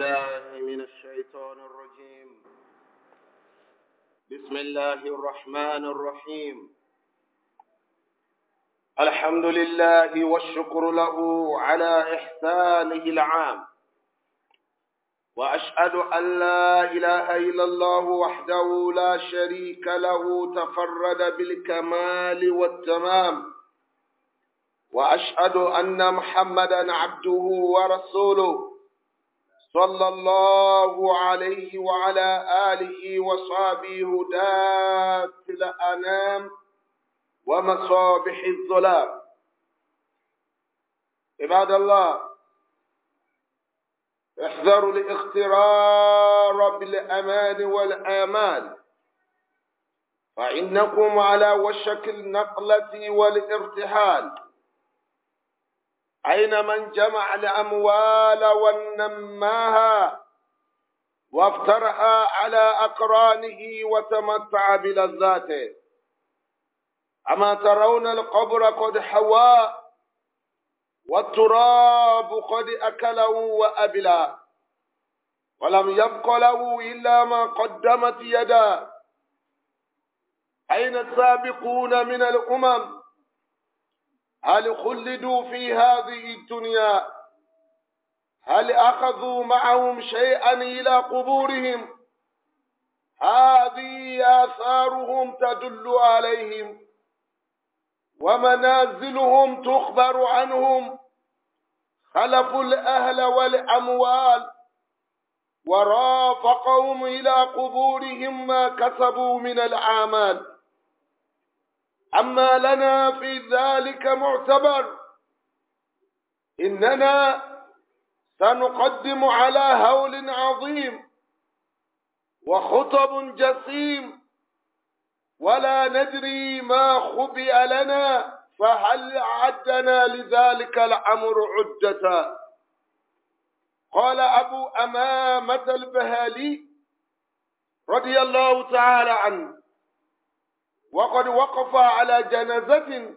الله من الشيطان الرجيم بسم الله الرحمن الرحيم الحمد لله والشكر له على إحسانه العام وأشهد أن لا إله إلا الله وحده لا شريك له تفرد بالكمال والتمام وأشهد أن محمدا عبده ورسوله صلى الله عليه وعلى آله وصحبه هداة الأنام ومصابح الظلام عباد الله احذروا الاغترار بالأمان والآمال فإنكم على وشك النقلة والارتحال أين من جمع الأموال ونماها وافترها على أقرانه وتمتع بلذاته أما ترون القبر قد حوى والتراب قد أكله وأبلا ولم يبق له إلا ما قدمت يدا أين السابقون من الأمم هل خلدوا في هذه الدنيا هل أخذوا معهم شيئا إلى قبورهم هذه آثارهم تدل عليهم ومنازلهم تخبر عنهم خلفوا الأهل والأموال ورافقهم إلى قبورهم ما كسبوا من الأعمال أما لنا في ذلك معتبر إننا سنقدم على هول عظيم وخطب جسيم ولا ندري ما خبئ لنا فهل عدنا لذلك الأمر عدة قال أبو أمامة البهالي رضي الله تعالى عنه وقد وقف على جنازة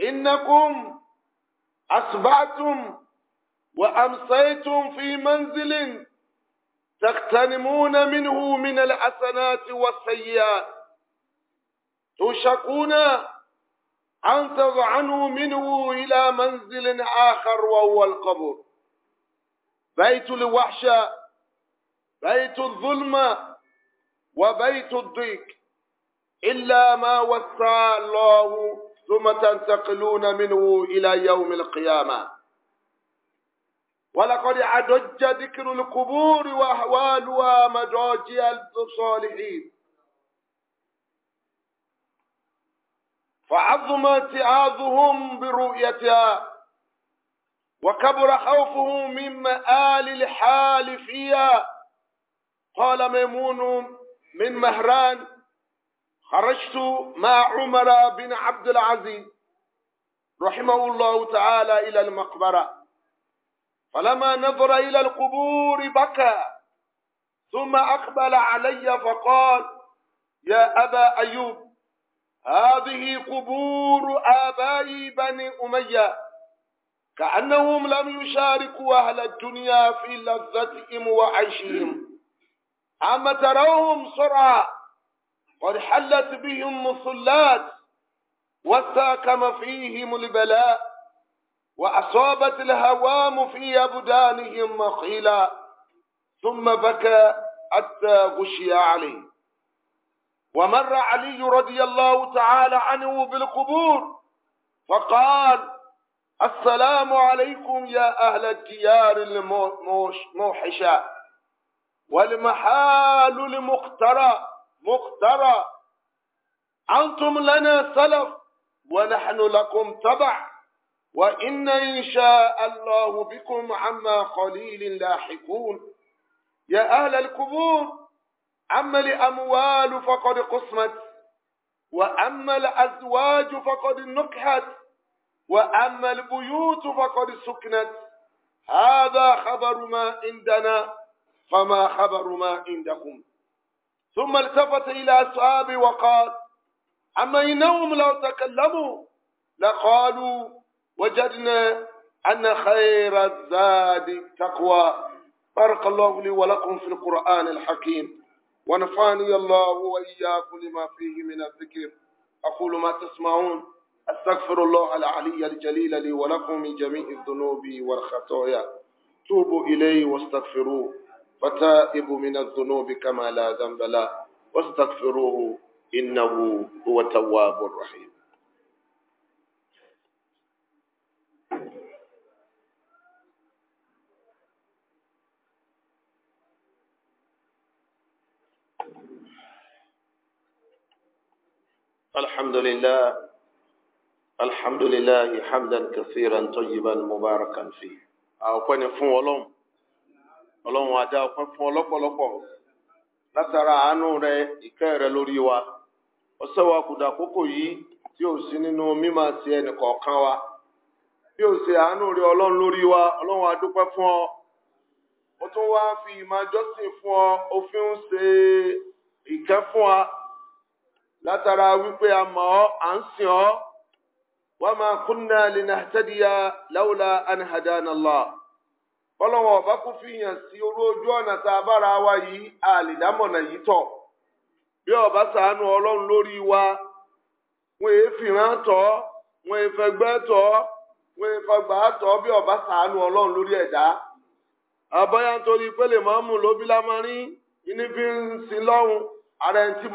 إنكم أصبعتم وأمسيتم في منزل تغتنمون منه من الحسنات والسيئات تشكون أن تضعنوا منه إلى منزل آخر وهو القبر بيت الوحشة بيت الظلمة وبيت الضيق إلا ما وسع الله ثم تنتقلون منه إلى يوم القيامة ولقد عدج ذكر القبور وأحوالها مجاجع الصالحين فعظم اتعاظهم برؤيتها وكبر خوفه من مآل الحال فيها قال ميمون من مهران خرجت مع عمر بن عبد العزيز رحمه الله تعالى إلى المقبرة فلما نظر إلى القبور بكى ثم أقبل علي فقال يا أبا أيوب هذه قبور آبائي بني أمية كأنهم لم يشاركوا أهل الدنيا في لذتهم وعيشهم أما تراهم سرعة قد حلت بهم مصلات وساكم فيهم البلاء وأصابت الهوام في أبدانهم مخيلا ثم بكى حتى غشي عليه ومر علي رضي الله تعالى عنه بالقبور فقال السلام عليكم يا أهل الديار الموحشة والمحال المقترأ مخترى أنتم لنا سلف ونحن لكم تبع وإن إن شاء الله بكم عما قليل لاحقون يا أهل القبور أما الأموال فقد قسمت وأما الأزواج فقد نكحت وأما البيوت فقد سكنت هذا خبر ما عندنا فما خبر ما عندكم ثم التفت إلى أصحابه وقال أما إنهم لو تكلموا لقالوا وجدنا أن خير الزاد تقوى بارك الله لي ولكم في القرآن الحكيم ونفعني الله وإياكم لما فيه من الذكر أقول ما تسمعون أستغفر الله العلي الجليل لي ولكم من جميع الذنوب والخطايا توبوا إليه واستغفروه فتائب من الذنوب كما لا ذنب له واستغفروه إنه هو التواب الرحيم الحمد لله الحمد لله حمدا كثيرا طيبا مباركا فيه أو كن ولوم ọlọ́run ajá ọpẹ́ fún ọlọ́pọ̀lọpọ̀ látara àánú rẹ ìkẹ́ rẹ lórí wa sọ wa kùdà kókò yìí tí ò sí nínú mímọ ti ẹnìkọ̀ọ̀kan wa bí ò sí àánú rẹ ọlọ́run lórí wa ọlọ́run adúpẹ́ fún ọ ó tún wá fi ìmọ̀ jọ́sìn fún ọ ó fi ń ṣe ìkẹ́ fún wa látara wípé a mọ̀ ọ́ à ń sìn ọ́ bọ́lọ́wọ́ ọba kún fi hàn sí orú ojú ọ̀nà tá a bára wa yìí àlìdámọ̀nà yìí tọ̀ bí ọba ṣàánú ọlọ́run lórí wa wọn èé fìràn tọ́ wọn èé fẹgbẹ́ tọ́ wọn èé fọgbà tọ́ bí ọba ṣàánú ọlọ́run lórí ẹ̀dá nítorí pélé ló bí ní ń sin ara ẹni tí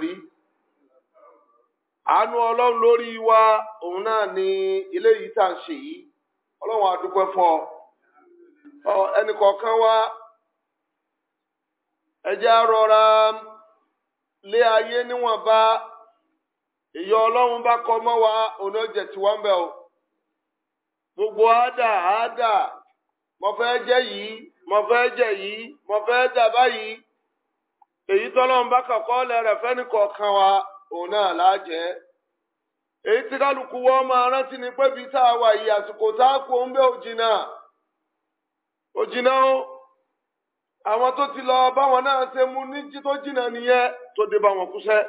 bí àánú ọlọ́run lórí wa ẹnì kọ̀ọ̀kan wa ẹjẹ́ rọra lé ayé níwọ̀nba ìyọ ọlọ́run bá kọ mọ́ wa òun náà jẹ̀ tiwọn bẹ̀ o gbogbo àádà àádà mo fẹ́ jẹ́ yìí mo fẹ́ jẹ́ yìí mo fẹ́ dà báyìí èyí tọ́lọ́run bá kọ̀kọ́ lẹ̀ rẹ̀ fẹ́ni kọ̀ọ̀kan wa òun náà láàjẹ́ èyí tí kálukú wọ́n máa rántí ni pé bíi tá wà yìí àsìkò tá a kú òun bẹ́ẹ̀ òjì náà. ó jìnnà o àwọn tó ti lọ báwọn náà ṣe mú níjí tó jìnnà nìyẹn tó dé bá wọn kúṣẹ́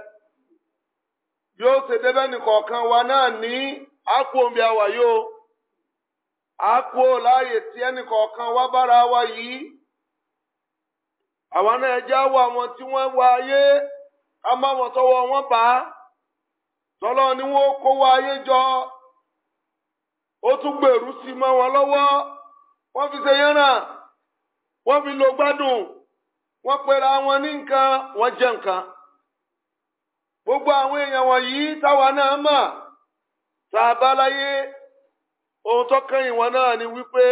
bí ó ṣe débẹ̀ nìkọ̀ọ̀kan wa náà ní àpò òǹbí àwà yóò àpò láàyè tí ẹnìkọ̀ọ̀kan wá bára wa yìí àwọn náà ẹjẹ́ àwọ̀ àwọn tí wọ́n wá ayé ká má wọn tọwọ́ wọn bá Tọlọ ni wọ́n kó wá ayé jọ ó tún gbèrú sí mọ́ wọn lọwọ. wọ́n fi ṣe yánra wọ́n fi lo gbádùn wọ́n pera wọn ní nǹkan wọ́n jẹ́ nǹkan gbogbo àwọn èèyàn wọ̀nyí táwa náà mà tá a bá láyé ohun tó kẹ́yìn wọn náà ni wípé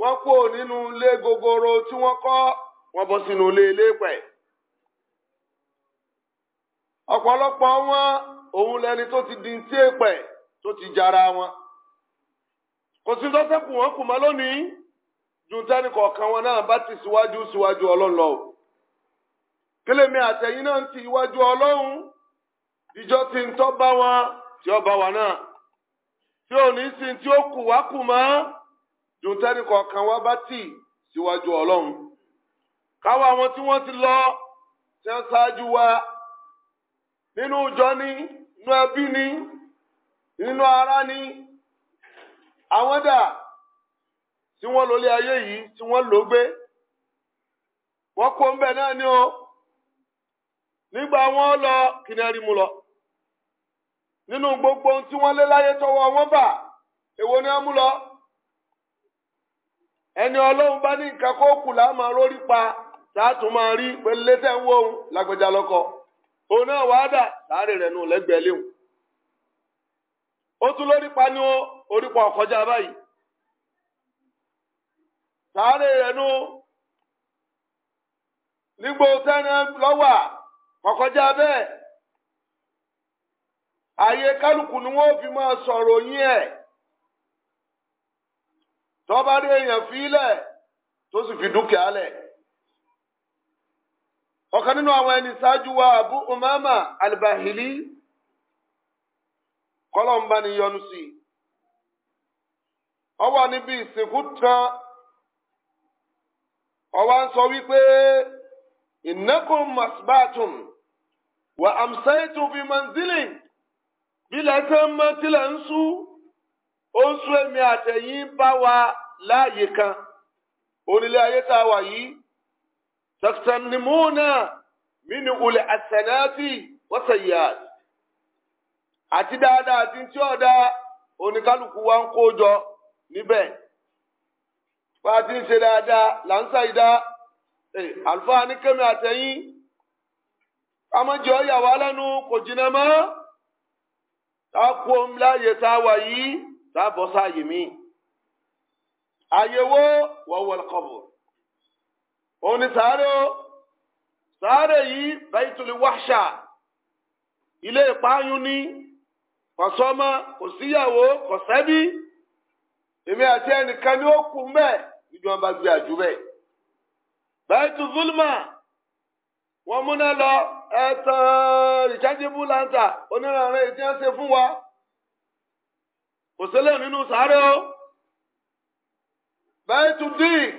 wọ́n kó nínú ilé gogoro tí wọn kọ wọ́n bọ́ sínú ilé eléèpẹ̀ ọ̀pọ̀lọpọ̀ wọn òun lẹni tó ti di ti èèpẹ̀ tó ti jara wọn. kò sí sọ́sẹ́kù wọn kù mọ́ lónìí ju tẹ́ni kọ̀ọ̀kan wọn náà bá ti síwájú síwájú ọlọ́run lọ. kílèmí àtẹ̀yìn náà ti iwájú ọlọ́run ìjọ ti ń tọ́ bá wọn tí ó bá wa náà tí ò ní sin tí ó kù wá kù mọ́ ju kọ̀ọ̀kan wá bá tì síwájú ọlọ́run. káwọ́ àwọn tí wọ́n ti lọ tí wọ́n ṣáájú wa nínú ìjọ ni nínú ẹbí ni nínú ará ni. àwọn dà tí wọ́n lólé ayé yìí tí wọn lò gbé wọ́n kó ń bẹ̀ náà ni o nígbà wọn lọ kìnìún mu lọ nínú gbogbo tí wọn lé láyé wọn bà èwo ni mú lọ ẹni ọlọ́run bá ní nǹkan kó kù láàmú lórí pa sàátún máa rí pé létẹ̀ ń wọ́n lágbèjà lọ́kọ̀ òun náà wàá dà sáré rẹ̀ nù Otu lórí pa orí pa ọ̀kọ́jà báyìí sáré rẹ̀ nú nígbò tẹ́ran ààyè kálukú ni wọ́n fi máa sọ̀rọ̀ yín ẹ̀ tọ́ba rí èèyàn fílẹ̀ tó sì fi dúkìá lẹ̀ ọ̀kan nínú àwọn ẹni ṣáájú wa kọ́lọ́n bá ní yọ́nú sí i ọwọ́ níbi ìsìnkú tán ọwọ́ ń sọ wípé ìnákùn masbatum wà àmsáyétò fi manzili bílẹ̀ tán mọ́ tílẹ̀ ń sú ó ń sú èmi àtẹ̀yìn bá wa láàyè kan onílé ayé tá a wà yìí tẹ̀sán ni mò ń náà mí ni ulẹ̀ àtẹ̀náàtì wọ́n sẹ̀yìn àti àti dáadáa àti tí ọ̀dà oníkálukú wa ń kó jọ níbẹ̀ bá a ti ń ṣe dáadáa là ń ṣàìdá àlùfáà ní kẹ́mi àtẹ̀yìn amọ̀jẹ́ ọ̀yà wa lẹ́nu kò jìnnà mọ́ tá a kú omi láàyè tá a wà yìí tá a bọ́ sáàyè mi àyẹ̀wò wọ́wọ́ kọ̀bọ̀ òun ni sáré o sáré yìí baitul wahsha ilé ìpáyún ní kọ̀sọ́mọ́ kò síyàwó kọ̀sẹ́bí èmi àti ẹnìkan ni ó kú mẹ́ ìjọba bá gbé àjú bẹ́ẹ̀. bẹ́ẹ̀tù zulma wọ́n múná lọ ẹ̀tàn ìjájẹ́bù láǹtà onírànrẹ́ ìdí ẹ̀ ṣe fún wa kò sílẹ̀ nínú sáré o. bẹ́ẹ̀tù dík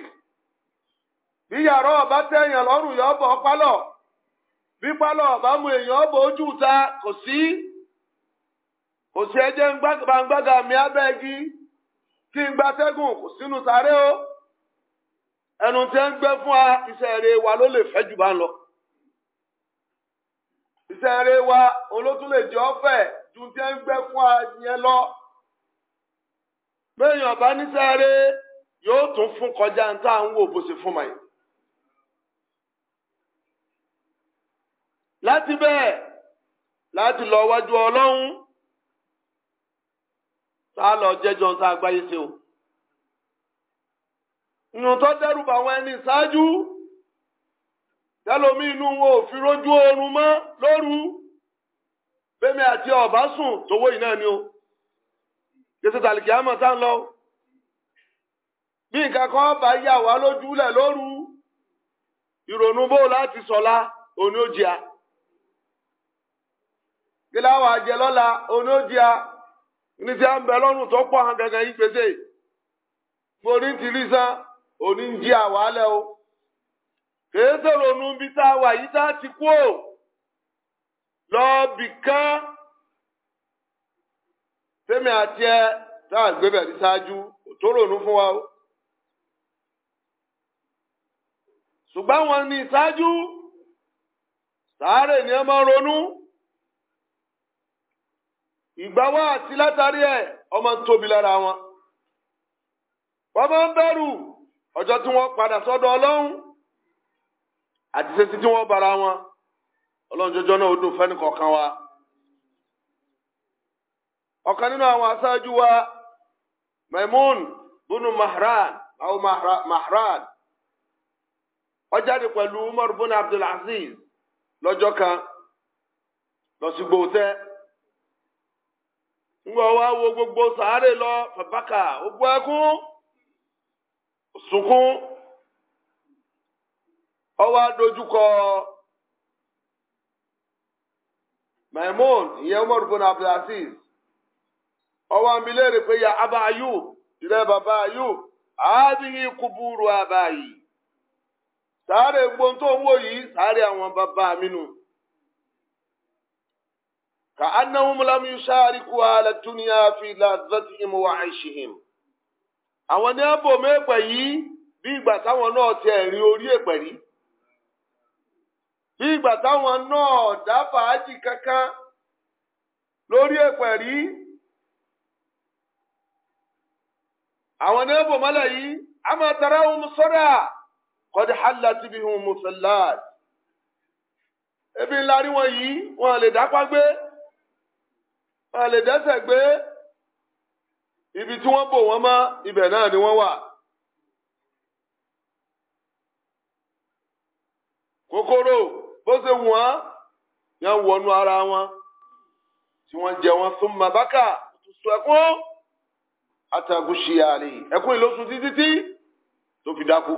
bí yàrá ọba tẹ̀yàn lọ́rùn yọ̀ọ́bọ̀ pálọ̀ bí pálọ̀ ọba mu èèyàn ọ̀bọ̀ ojú ta kò sí òsì ẹjẹ gbangbága mi abẹ́ igi kí n gbatẹ́gùn kò sínú sáré o ẹnu tí ń gbẹ fún wa iṣẹ́ rẹ wa ló lè fẹ́ jù bá ń lọ iṣẹ́ rẹ wa olótún lè jẹ́ ọ́fẹ́ ju tí ń gbẹ fún wa yẹn lọ bẹ́ẹ̀yàn bá níṣẹ́ rẹ yóò tún fún kọjá ń tá à ń wò bó ṣe fún màyí. láti bẹ́ẹ̀ láti lọ wájú ọlọ́run tá a lọ jẹ́jọ ń sá agbáyé ṣe o. ìyọ̀n tó dẹ́rù bá àwọn ẹni ṣáájú tẹ́lómi inú wọn ò fi rójú oorun mọ́ lóru bẹ́mi àti ọ̀bá sùn tówó yìí náà ni o. jésù tàlìkì àmọ̀ tá ń lọ. bí nǹkan kan bá yà wá lójúlẹ̀ lóru ìrònú bó láti sọ̀la òní kí láwọn àjẹ lọ́la òní ní ti à ń bẹ lọ́rùn tó pọ̀ hàn gẹ́gẹ́ yí pèsè forí ti rí sán òní ń jí àwálẹ̀ o kèé sọ̀rọ̀ nu bí tá a wà tá a ti kú o lọ́ọ̀bì kan tèmi àti ẹ tá a gbé bẹ̀rẹ̀ ṣáájú tó rònú fún wa o. ṣùgbọ́n wọn ní ìṣáájú sàárè ni ẹ máa ronú. ìgbàwá àti látàrí ẹ̀ ọmọ ń tóbi lára wọn wọ́n máa ń bẹ̀rù ọjọ́ tí wọ́n padà sọ́dọ̀ ọlọ́run àti sẹ́sí tí wọ́n bára wọn ọlọ́run jọjọ́ náà ó dùn fẹ́ni kọ̀ọ̀kan wa ọ̀kan nínú àwọn aṣáájú wa Maimun bunu Mahran aw Mahran ó jáde pẹ̀lú Umar bunu Abdulaziz lọ́jọ́ kan lọ sí gbòòtẹ́ ńgbọ́ wa wo gbogbo sàárè lọ fàbákà ó bú ẹkún sunkún ọwọ́ adójúkọ Maimun ìyẹn Umar bin Abdulaziz ọwọ́ àmìlẹ́rẹ̀ pé ya abá Ayub ìrẹ́ bàbá Ayub àádìyí kúburú abáyì sàárè gbóntó ń yìí sàárè àwọn bàbá mi nù. كأنهم لم يشاركوا على الدنيا في لذتهم وعيشهم awon ni abo mepe yi bi igba tawon na ti eri ori egberi bi igba tawon na da faaji kankan lori egberi awon ni abo mala yi a ma tara ohun sora kodi halatu bihun musallat ebi nla ri won yi won le dakwa gbe a lè dẹ́sẹ̀ gbé ibi tí wọ́n bò wọ́n mọ́ ibẹ̀ náà ni wọ́n wà. kòkòrò bó ṣe wù wọ́n yẹn wọnú ara wọn tí wọ́n jẹ wọn fún mabaka sọ ẹkún àtàgùn ṣìyàlè ẹkún ìlóṣù títí tí tó fi dákú.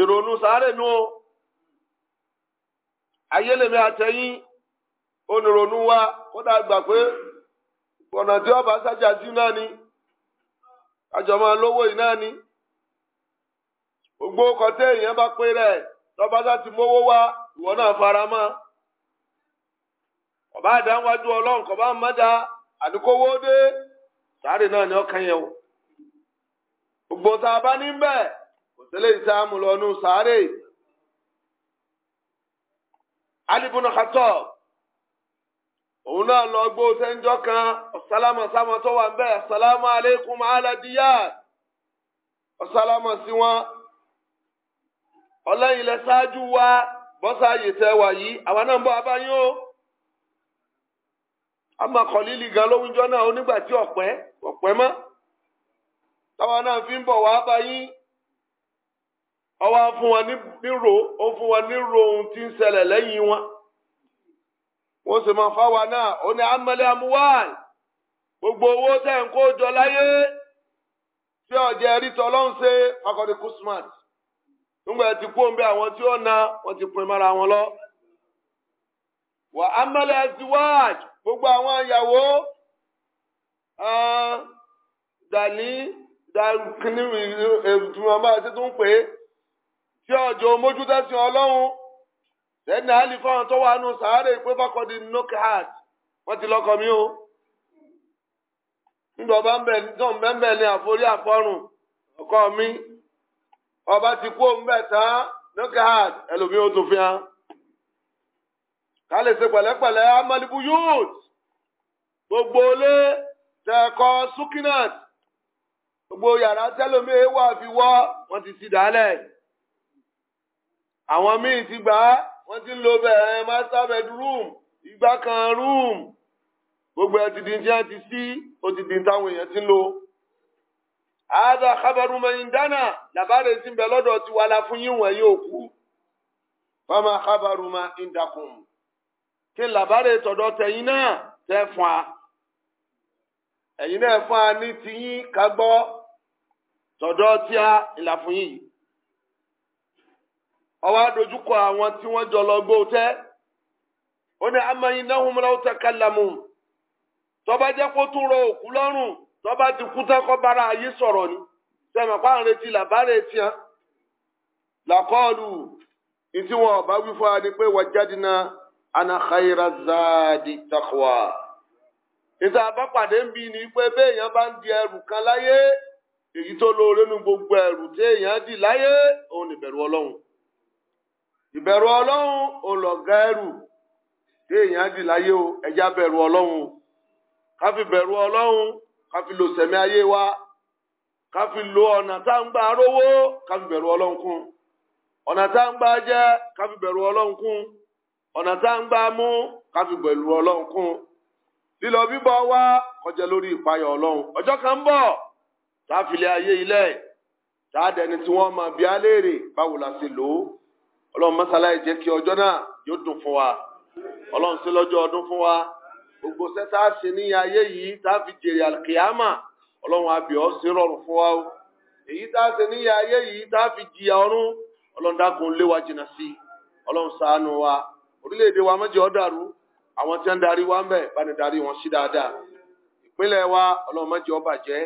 ìrònú sáré onoro n'ụwa kụda gbakwe ọna dị ọba asachazi naanị ajọma lowo yi naanị ogbo kọta eyan ba kpere tọba asati mowo wa iwọ na fara ma ọba ada nwaju ọlọrun kọba mmada adukowo de sáré naanị na yẹn o ogbo ta ba ni mbẹ òtẹlẹ ìta mu lọ òun náà lọ gbó sẹ́ńjọ́ kan ọ̀sálámà sáwọn tó wà bẹ́ẹ̀ ọ̀sálámà aleikum aládìyà ọ̀sálámà sí wọn ọlẹ́yìn lẹ ṣáájú wa bọ́sà ààyè tẹ wà yìí àwa náà ń bọ́ o àmà kọ̀lílì gan lówùjọ́ náà onígbà tí ọ̀pẹ́ ọ̀pẹ́ mọ́ táwa náà fi ń bọ̀ wá ọwọ́ fún wa ní ro ó fún wa ní ro ohun tí ń ṣẹlẹ̀ lẹ́yìn wọ́n sì máa fáwa náà ó ní amẹ́lẹ́ amúwáì gbogbo owó tẹ̀ ń kó jọ láyé tí ọ̀jẹ̀ rítọ̀ ọlọ́run ṣe fakọ́dé kusmat nígbà tí kú òun bẹ àwọn tí ó na wọ́n ti pin mọ́ra wọn lọ. wà amẹ́lẹ́ aziwaj gbogbo àwọn ìyàwó ah, dàní dàkínní ìdùnnú àbáyé tó ń pè é tí ọjọ́ mójútẹ́sìn ọlọ́run sẹ́ni àlì fáwọn tó wà nù sàárè pé fàkọ́dí nọ́kàt wọ́n ti lọ́kọ̀ mi o ńdọ̀ bá ń bẹ̀ dán bẹ́ẹ̀ ni àforí àfọ́rùn ọkọ mi ọba ti kú òun bẹ̀ tán nọ́kàt ẹlòmíì ó tún fi hàn ká lè ṣe pẹ̀lẹ́pẹ̀lẹ́ amalibu youth gbogbo olé tẹ̀kọ́ sukinat gbogbo yàrá tẹlómìí wà fi wọ́ wọ́n ti ti dálẹ̀ àwọn míì ti gbà á wọ́n ti ń lo bẹ́ẹ̀ master bedroom ìgbà kan room gbogbo ẹ̀ ti di tí wọ́n ti sí ó ti di táwọn èèyàn ti ń lo. àádọ́ kábàrú mẹ́rin dáná làbárè ti ń bẹ lọ́dọ̀ ti wà láfún yín wọ̀nyí òkú fama kábàrú ma ń dakùn kí làbárè tọ̀dọ̀ tẹ̀yìn náà tẹ́ fún a ẹ̀yin náà fún a ní tiyín ká gbọ́ tọ̀dọ̀ a ìlà fún yìí ọwọ́ adójúkọ àwọn tí wọ́n jọ lọ gbó tẹ́ ó ní amáyin náà hùmọ́ra ó tẹ kálámù tọ́ba jẹ́ kó tún rọ òkú lọ́rùn tọ́ba ti kú tán kọ́ bára ayé sọ̀rọ̀ ni sẹ́mi pa àwọn retí làbá retí hàn làkọ́ọ̀lù ìtí wọn ọba wí fún wa ni pé wajadina ana khayra zaadi taqwa ìta àbápàdé ń bí ni pé béèyàn bá ń di ẹrù kan láyé èyí tó lóore nu gbogbo ẹrù tí èèyàn dì láyé òun ìbẹ̀rù ọlọ́run. ìbẹ̀rù ọlọ́run olọ̀gá ẹrù tí èèyàn dì láyé o ẹja bẹ̀rù ọlọ́run ká fi bẹ̀rù ọlọ́run ká lo sẹ̀mí ayé wa ká lo ọ̀nà tá ń gbà rówó ká bẹ̀rù ọlọ́run kún ọ̀nà tá ń gbà bẹ̀rù ọlọ́run kún kọjá lórí ìpayà ọlọ́run ọjọ́ kan bọ̀ ayé ilẹ̀ dẹni tí wọ́n ọlọ́run mọ́sálá ẹ̀ jẹ́ kí ọjọ́ náà yóò dùn fún wa ọlọ́run sí lọ́jọ́ ọdún fún wa gbogbo sẹ́tà ṣe ní ayé yìí tá a fi jèrè àlùkìyàmà ọlọ́run àbíọ́ sí rọrùn fún wa o èyí tá a ṣe ní ayé yìí tá a fi jìyà ọ̀run ọlọ́run dákun lé wa jìnnà sí i ọlọ́run ṣàánú wa orílẹ̀-èdè wa má jẹ́ ó dàrú àwọn tí wọ́n darí wa ń bẹ̀ bá ní darí wọn sí dáadáa ìpínlẹ̀ wa ọlọ́run má bàjẹ́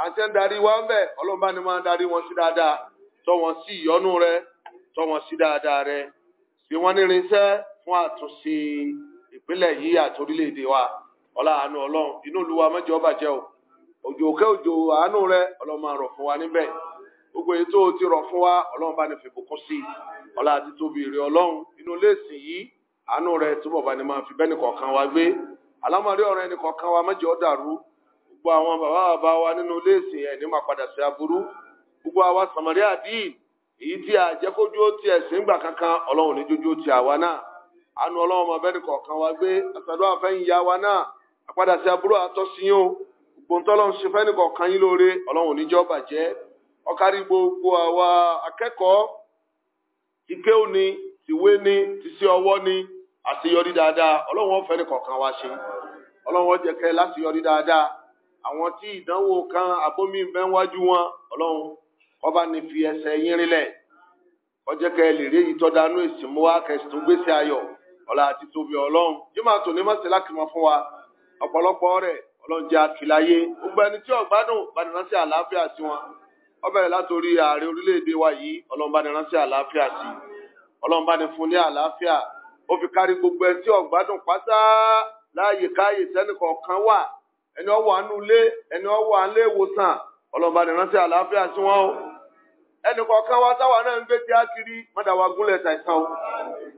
àwọn tí wọ́n darí wa ń bẹ̀ ọlọ́run bá ní máa darí wọn sí dáadáa tọ́ wọn sí ìyọ́nú rẹ̀ tọ́ wọn sí dáadáa rẹ fi wọ́n ní irinṣẹ́ fún àtúnṣe ìpínlẹ̀ yìí àti orílẹ̀-èdè wa ọlá àánú ọlọ́run inú olúwa mẹ́jọ bàjẹ́ o òjò òkè òjò àánú rẹ ọlọ́run máa rọ̀ fún wa níbẹ̀ gbogbo èyí tó ti rọ̀ fún wa ọlọ́run bá ní fìbùkún sí i ọlá àti tóbi ìrè ọlọ́run inú léèsì yìí àánú rẹ túbọ̀ bá ní máa fi bẹ́ẹ̀ nìkọ̀ọ̀kan wa gbé alámọ̀rí ọ̀rọ̀ ẹnìkọ̀ọ̀kan wa mẹ́jọ dàrú gbogbo àwọn bàbá bàbá wa nínú léèsì ẹ̀ ní máa padà sí aburú gbogbo àwa sàmàrí àdìyí èyí tí a jẹ́ kójú ó ti ẹ̀sìn gbà kankan ọlọ́run ní jójú ó ti àwa náà àánú ọlọ́run ọmọ bẹ́ẹ̀ kọ̀ọ̀kan wa gbé àtàdúrà fẹ́ ń ya wa náà àpadà sí aburú àtọ́sí yín o gbòǹtọ́lọ́run ṣe fẹ́ nìkọ̀ọ̀kan yín lóore ọlọ́run níjọ́ bàjẹ́ ọ̀kárí gbogbo àwa akẹ́kọ̀ọ́ ike òní tìwé ni tìsí ọwọ́ ni àṣeyọrí dáadáa ọlọ́run ó nìkọ̀ọ̀kan wa ṣe ọlọ́run ó jẹ́ láṣeyọrí dáadáa àwọn tí ìdánwò kan abómi bẹ́ńwájú wọn ọlọ́run kọba ní fi ẹsẹ̀ yín rinlẹ̀ ọjọ́ kẹ lè rí èyí tọ́da nú ìsìnmú wa kẹsì tó gbèsè ayọ̀ ọ̀la àti tóbi ọlọ́run jimá tó ní mọ̀sẹ̀ lákìmọ̀ fún wa ọ̀pọ̀lọpọ̀ rẹ̀ ọlọ́run jẹ́ àkìláyé gbogbo ẹni tí ọ̀gbádùn baniránṣẹ́ àlàáfíà sí wọn ọbẹ̀rẹ̀ látòrí ààrẹ orílẹ̀-èdè wa yìí ọlọ́run baniránṣẹ́ àlàáfíà sí ọlọ́run bá ní fún ní àlàáfíà ó fi kárí gbogbo ẹni tí ọ̀gbádùn pátá láàyè káàyè tẹ́nìkọ̀ọ̀kan wà ẹni ọ̀wà nulẹ̀ ẹni ọ̀wà nílé ìwòsàn ọlọ́mọba ní rántí àlàáfíà sí wọn o ẹnì kọ̀ọ̀kan wa táwa náà ń gbé tí a kiri mọ́dàwá gúnlẹ̀ àìsàn o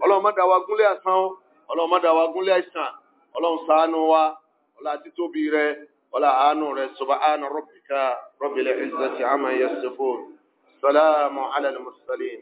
ọlọ́mọdàwá gúnlẹ̀ àìsàn o ọlọ́mọdàwá gúnlẹ̀ àìsàn ọlọ́run wa rẹ ọlá àánú rẹ subhana rabbika rabbil izzati amma salamu ala al-mursalin